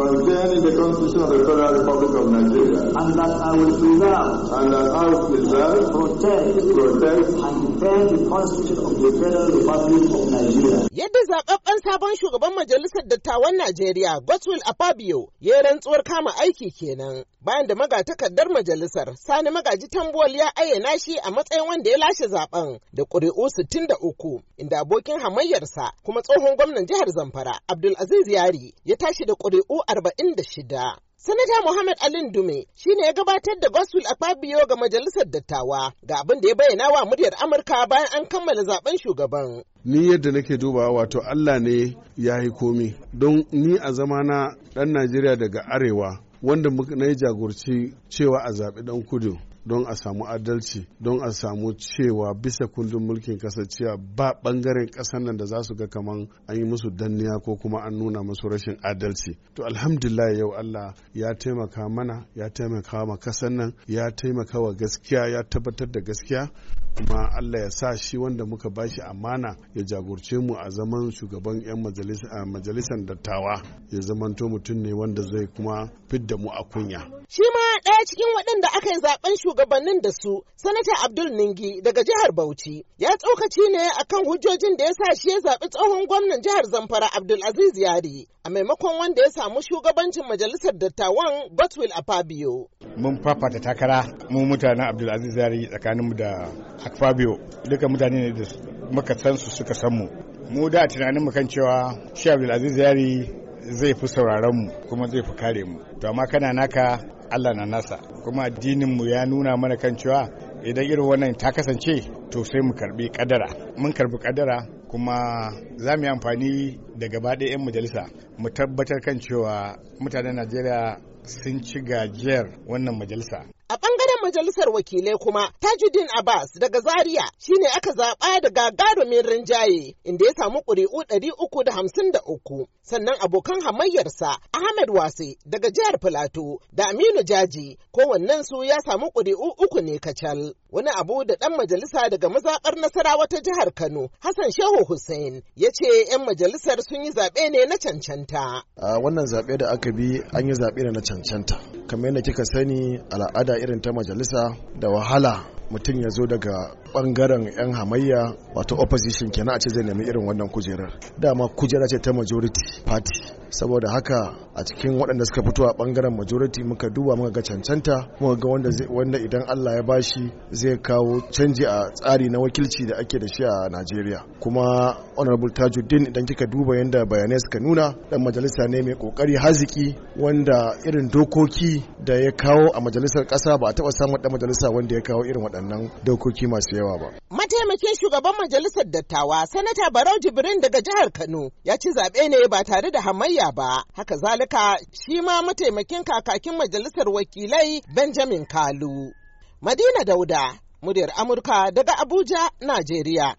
contained in the Constitution of the Federal Republic of Nigeria. And that I will preserve. And that I will preserve. Protect. Protect. And defend the Constitution of the Federal Republic of Nigeria. Yadda zababben sabon shugaban majalisar dattawan Najeriya Godswill Akpabio ya rantsuwar kama aiki kenan. Bayan da takardar majalisar Sani Magaji Tambuwal ya ayyana shi a matsayin wanda ya lashe zaben da ƙuri'u 63 inda abokin hamayyarsa kuma tsohon gwamnan jihar Zamfara Abdul aziz Yari ya tashi da ƙuri'u 46. Sanata Muhammad Alin Dume shi ne ya gabatar da gospel a Fabio ga majalisar dattawa ga abin da ya bayyana wa muryar Amurka bayan an kammala zaben shugaban. Ni yadda nake duba wato Allah ne ya yi komi don ni a zamana ɗan Najeriya daga Arewa wanda na yi jagorci cewa a zaɓi ɗan kudu. don a samu adalci don a samu cewa bisa kundin mulkin kasa ba bangaren kasan nan da za su ga kaman an yi musu danniya ko kuma an nuna musu rashin adalci to alhamdulillah yau Allah ya taimaka mana ya taimaka ma kasan nan ya taimaka wa gaskiya ya tabbatar da gaskiya kuma Allah ya sa shi wanda muka bashi amana ya jagorce mu a zaman shugaban 'yan majalisar dattawa ya zamanto mutum ne wanda zai kuma fidda mu a kunya. Shi ma ɗaya cikin waɗanda aka yi zaben shugabannin da su sanata abdul ningi daga jihar bauchi ya tsokaci ne akan hujjojin da ya sa shi ya zaɓi tsohon gwamnan jihar zamfara abdul aziz yari a maimakon wanda ya samu shugabancin majalisar dattawan batwil Fabio. mun fafata takara mu mutanen abdul aziz yari tsakaninmu da Fabio duka mutane ne da muka san su suka san mu mu da tunanin mu kan cewa shi abdul aziz yari zai fi sauraron mu kuma zai fi kare mu to amma kana naka Allah na nasa kuma addinin mu ya nuna mana kan cewa idan irin wannan ta kasance to sai mu karbi kadara mun karbi kadara kuma za mu yi amfani da gaba ɗaya 'yan majalisa mu tabbatar kan cewa mutanen najeriya sun ci gajiyar wannan majalisa majalisar wakilai kuma Tajuddin Abbas daga Zaria shine aka zaɓa da gagarumin rinjaye inda ya samu ƙuri'u ɗari uku da hamsin da uku. Sannan abokan hamayyarsa Ahmed Wase daga jihar Filato da Aminu Jaji su ya samu ƙuri'u uku ne kacal. Wani abu da ɗan majalisa daga mazaɓar Nasarawa ta jihar Kano Hassan Shehu Hussein ya ce 'yan majalisar sun yi zaɓe ne na cancanta. wannan zaɓe da aka bi an yi zaɓe ne na cancanta. kamar yadda kika sani al'ada irin ta majalisa da wahala mutum ya zo daga bangaren 'yan hamayya wato opposition kenan a ce zai nemi irin wannan kujerar dama kujera ce ta majority party saboda haka a cikin waɗanda suka fito a bangaren majority muka duba muka ga cancanta muka ga wanda idan Allah ya bashi zai kawo canji a tsari na wakilci da ake da shi a Najeriya kuma honorable Tajuddin idan kika duba yadda bayanai suka nuna dan majalisa ne mai kokari haziki wanda irin dokoki da ya kawo a majalisar ƙasa ba a taɓa samun dan majalisa wanda ya kawo irin waɗannan waɗannan dokoki masu yawa ba. Mataimakin shugaban majalisar dattawa sanata Barau Jibrin daga jihar Kano ya ci zaɓe ne ba tare da hamayya ba. Haka zalika shi ma mataimakin kakakin majalisar wakilai Benjamin Kalu. Madina Dauda, muryar Amurka daga Abuja, Najeriya.